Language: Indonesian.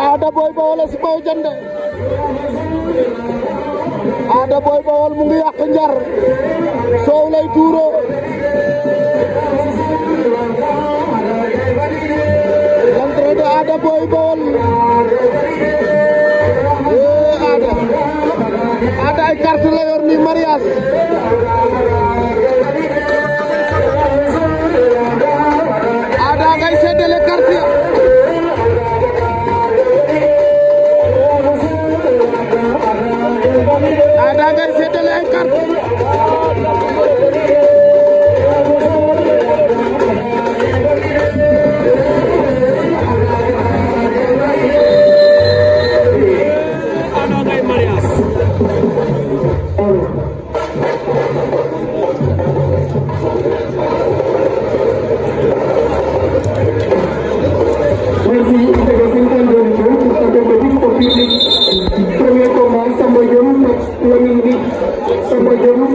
Ada Boy bawal si boy Diende Ada Boy bawal mu ngi yak ñar soow lay duro de Ada Boy bawal eh, Ada Ada ay carte la yor ni mariage daa ngay féetale ay carte no?